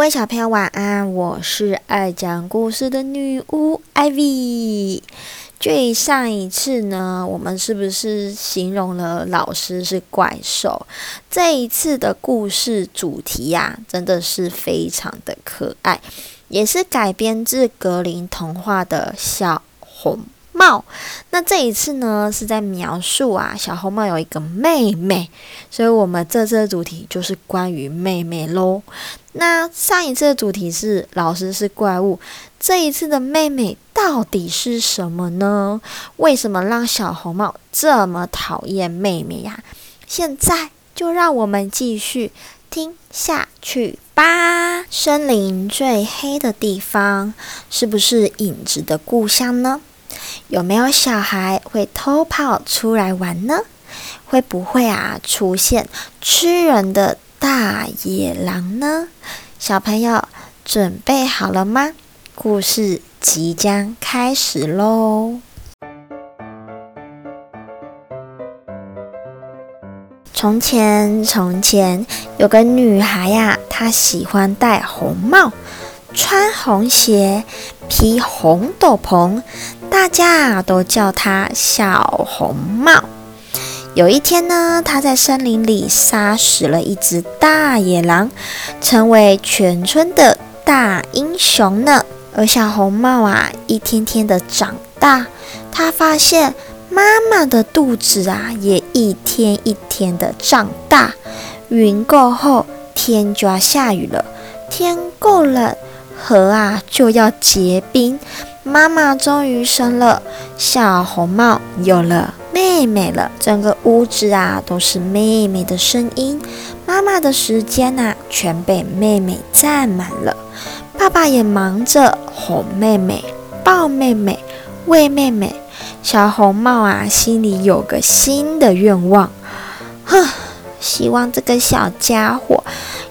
各位小朋友晚安，我是愛講故事的女巫 Ivy。最上一次呢，我們是不是形容了老師是怪獸？這一次的故事主題呀、啊，真的是非常的可愛，也是改編自格林童話的小《小紅》。帽，那這一次呢是在描述啊，小紅帽有一個妹妹，所以我們這次的主題就是關於妹妹嘍。那上一次的主題是老師是怪物，這一次的妹妹到底是什麼呢？為什麼讓小紅帽這麼討厭妹妹呀、啊？現在就讓我們繼續聽下去吧。森林最黑的地方，是不是影子的故鄉呢？有沒有小孩會偷跑出來玩呢？會不會啊，出現吃人的大野狼呢？小朋友，準備好了嗎？故事即將開始嘍！從前，從前有個女孩呀，她喜歡戴紅帽，穿紅鞋，披紅斗篷。大家都叫他小紅帽。有一天呢，他在森林裡殺死了一隻大野狼，成為全村的大英雄呢。而小紅帽啊，一天天的長大，他發現媽媽的肚子啊，也一天一天的長大。雲夠厚，天就要下雨了；天夠冷，河啊就要結冰。媽媽終於生了，小紅帽有了妹妹了。整個屋子啊都是妹妹的聲音，媽媽的時間吶、啊，全被妹妹佔滿了。爸爸也忙着哄妹妹、抱妹妹、餵妹妹。小紅帽啊，心裡有個新的願望，哼，希望這個小傢伙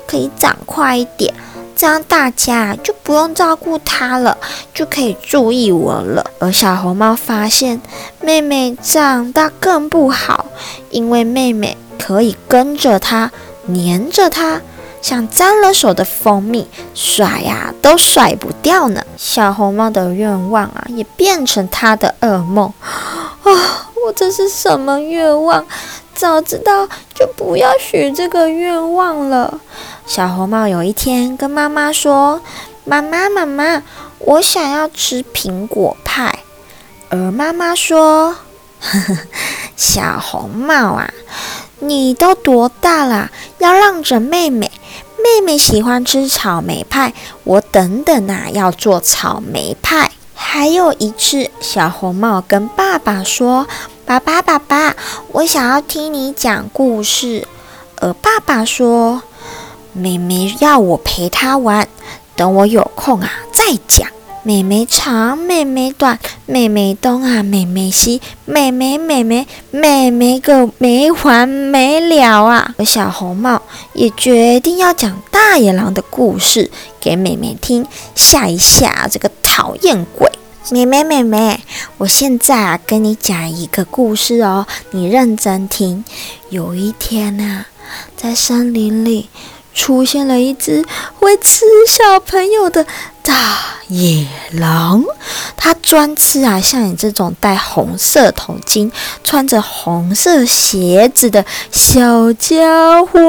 可以長快一點。這樣大家就不用照顧它了，就可以注意我了。而小紅帽發現妹妹長大更不好，因為妹妹可以跟着她，黏着她，像沾了手的蜂蜜，甩呀都甩不掉呢。小紅帽的願望啊，也變成她的噩夢。啊、哦，我這是什麼願望？早知道就不要許這個願望了。小紅帽有一天跟媽媽說：“媽媽，媽媽，我想要吃蘋果派。”而媽媽說呵呵：“小紅帽啊，你都多大了，要讓着妹妹。妹妹喜歡吃草莓派，我等等啊，要做草莓派。”還有一次，小紅帽跟爸爸說：“爸爸，爸爸，我想要聽你講故事。”而爸爸說。妹妹要我陪她玩，等我有空啊再講。妹妹長，妹妹短，妹妹東啊，妹妹西，妹妹妹妹妹妹個沒完沒了啊！我小紅帽也決定要講大野狼的故事給妹妹聽，嚇一嚇這個討厭鬼。妹妹妹妹，我現在啊跟你講一個故事哦，你認真聽。有一天啊，在森林裡。出現了一只會吃小朋友的大野狼，它專吃啊，像你這種戴紅色頭巾、穿着紅色鞋子的小家伙。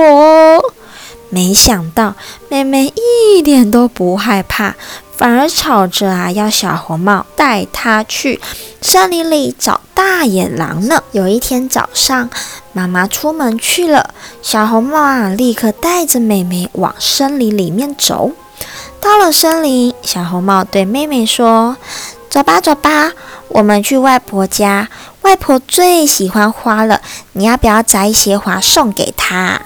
沒想到，妹妹一點都不害怕。反而吵着啊，要小紅帽帶她去森林裡找大野狼呢。有一天早上，媽媽出門去了，小紅帽啊立刻帶着妹妹往森林裡面走。到了森林，小紅帽對妹妹說：“走吧，走吧，我們去外婆家。外婆最喜歡花了，你要不要摘一些花送給她？”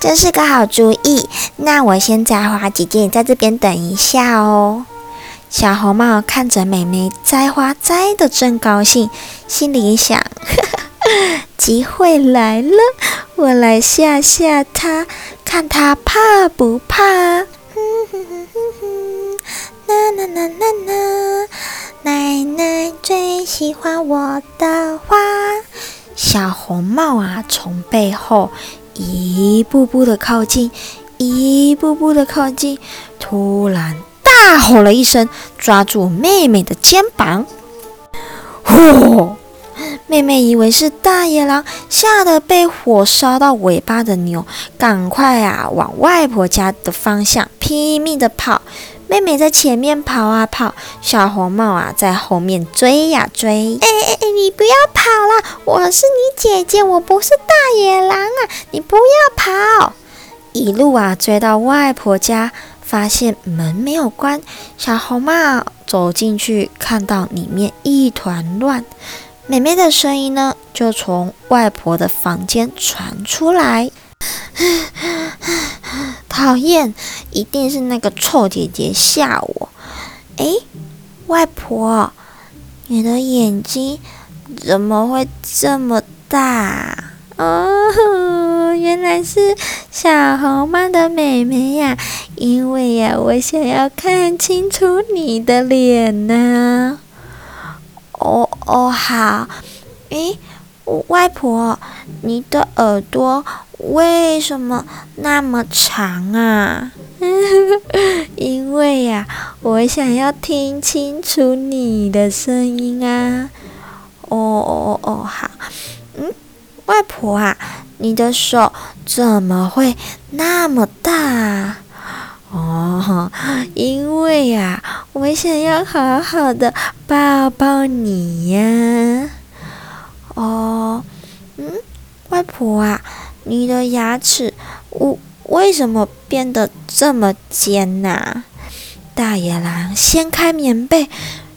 真是個好主意，那我先摘花，姐姐，你在這邊等一下哦。小紅帽看着妹妹摘花摘得正高興，心裡想，呵呵：機會來了，我來嚇嚇她，看她怕不怕。哼哼哼哼哼，啦啦啦啦啦，奶奶、奶奶、最喜歡我的花。小紅帽啊，從背後。一步步的靠近，一步步的靠近，突然大吼了一聲，抓住妹妹的肩膀。嚯！妹妹以為是大野狼，嚇得被火燒到尾巴的牛，趕快啊往外婆家的方向拼命的跑。妹妹在前面跑啊跑，小紅帽啊在後面追呀追。哎哎哎，你不要跑啦，我是你姐姐，我不是大野狼啊，你不要跑。一路啊追到外婆家，發現門沒有關，小紅帽走進去，看到裡面一團亂，妹妹的聲音呢，就從外婆的房間傳出來。討厭， 一定是那個臭姐姐嚇我。哎，外婆，你的眼睛怎麼會這麼大？哦，原來是小紅帽的妹妹呀，啊，因為呀，啊，我想要看清楚你的臉呢，啊哦。哦哦好。哎。外婆，你的耳朵為什麼那麼長啊？ 因為呀，我想要聽清楚你的聲音啊。哦哦哦哦，好。嗯，外婆啊，你的手怎麼會那麼大？哦，因為呀，我想要好好的抱抱你呀。哦，嗯，外婆啊，你的牙齒，為為什麼變得這麼尖吶啊？大野狼掀開棉被，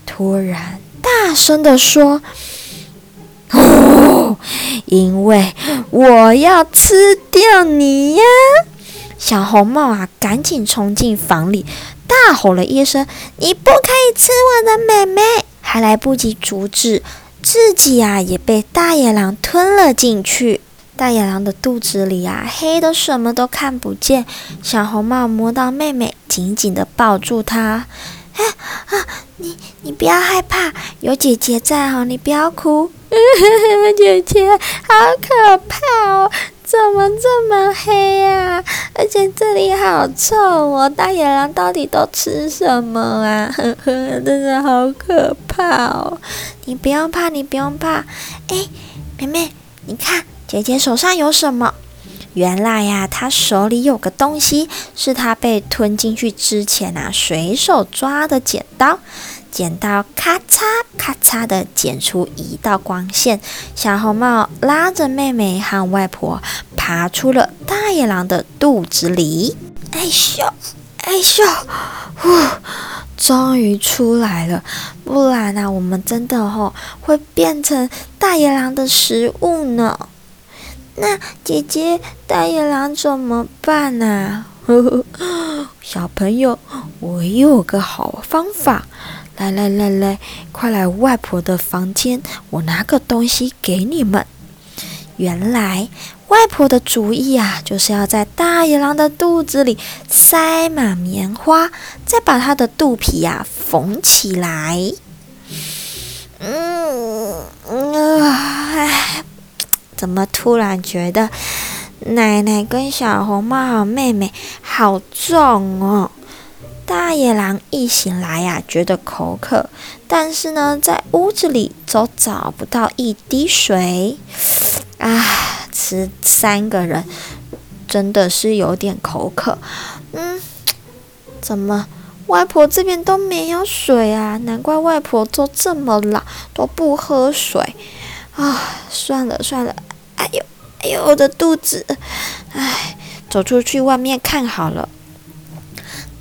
突然大聲地說：“哦，因為我要吃掉你呀！”小紅帽啊，趕緊衝進房裡，大吼了一聲：“你不可以吃我的妹妹！”還來不及阻止。自己呀、啊，也被大野狼吞了進去。大野狼的肚子裡呀、啊，黑的什麼都看不見。小紅帽摸到妹妹，緊緊地抱住她。哎、欸、啊，你你不要害怕，有姐姐在哦，你不要哭。 姐姐，好可怕哦！怎麼這麼黑呀？而且這裡好臭哦！大野狼到底都吃什麼啊？呵呵，真的好可怕哦！你不用怕，你不用怕。哎，妹妹，你看姐姐手上有什麼？原來呀，她手裡有個東西，是她被吞進去之前吶，隨手抓的剪刀。剪刀咔嚓咔嚓的剪出一道光線，小紅帽拉着妹妹和外婆爬出了大野狼的肚子裡。哎、欸、呦，哎、欸、呦，呼，終於出來了，不然呢、啊，我們真的吼、哦、會變成大野狼的食物呢。那姐姐，大野狼怎麼辦呢、啊？小朋友，我有個好方法。來來來來，快來外婆的房間，我拿個東西給你們。原來外婆的主意啊，就是要在大野狼的肚子裡塞滿棉花，再把它的肚皮呀、啊、縫起來。嗯，啊、呃，怎麼突然覺得奶奶跟小紅帽好妹妹好壯哦？大野狼一醒來呀、啊，覺得口渴，但是呢，在屋子裡都找不到一滴水，啊，吃三個人真的是有點口渴，嗯，怎麼外婆這邊都沒有水啊？難怪外婆都這麼老都不喝水，啊，算了算了，哎呦哎呦，我的肚子，唉，走出去外面看好了。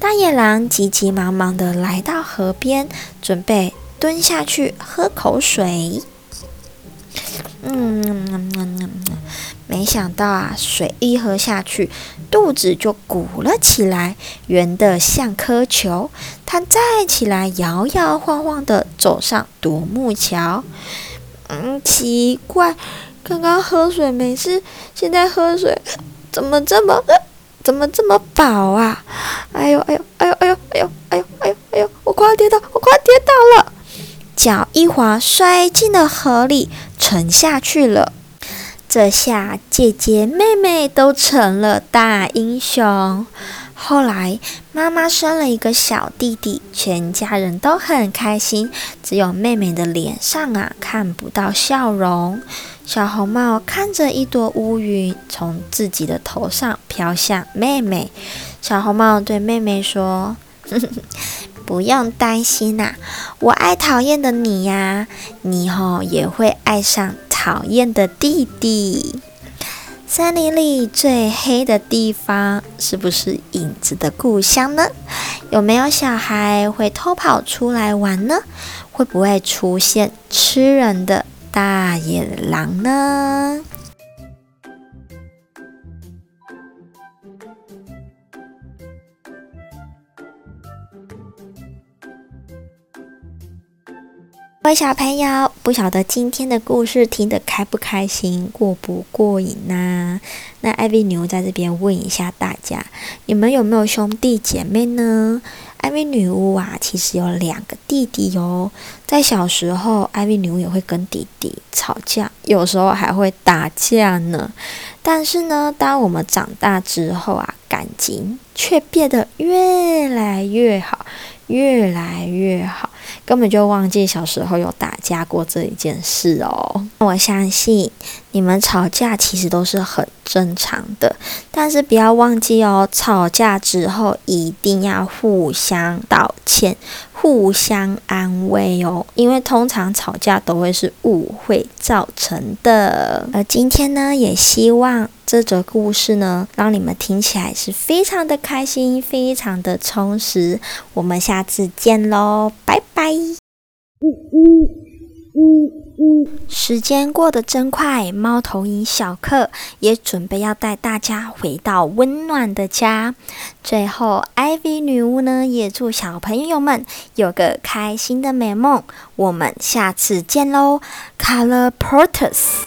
大野狼急急忙忙地來到河邊，準備蹲下去喝口水。嗯，嗯嗯，沒想到啊，水一喝下去，肚子就鼓了起來，圓得像顆球。它站起來，搖搖晃晃地走上獨木橋。嗯，奇怪，剛剛喝水沒事，現在喝水怎麼這麼怎麼這麼飽啊？哎呦哎呦哎呦哎呦哎呦哎呦哎呦哎呦！我快要跌倒，我快要跌倒了。腳一滑，摔進了河裡，沉下去了。這下姐姐妹妹都成了大英雄。後來媽媽生了一個小弟弟，全家人都很開心，只有妹妹的臉上啊看不到笑容。小紅帽看着一朵烏雲從自己的頭上飄向妹妹。小紅帽對妹妹說：“呵呵，不用擔心吶、啊，我愛討厭的你呀、啊，你以、哦、後也會愛上討厭的弟弟。森林裡，裡最黑的地方，是不是影子的故鄉呢？有沒有小孩會偷跑出來玩呢？會不會出現吃人的大野狼呢？”各位小朋友，不曉得今天的故事聽得開不開心，過不過癮吶、啊。那艾薇女巫在這邊問一下大家，你們有沒有兄弟姐妹呢？艾薇女巫啊，其實有兩個弟弟喲。在小時候，艾薇女巫也會跟弟弟吵架，有時候還會打架呢。但是呢，當我們長大之後啊，感情卻變得越來越好，越來越好。根本就忘記小時候有打架過這一件事哦。我相信你們吵架其實都是很正常的，但是不要忘記哦，吵架之後一定要互相道歉、互相安慰哦，因為通常吵架都會是誤會造成的。而今天呢，也希望這則故事呢，讓你們聽起來是非常的開心、非常的充實。我們下次見嘍，拜拜。嗯嗯嗯嗯，時間過得真快，貓頭鷹小克也準備要帶大家回到溫暖的家。最後，IVY 女巫呢也祝小朋友們有個開心的美夢。我們下次見嘍，Colloportus。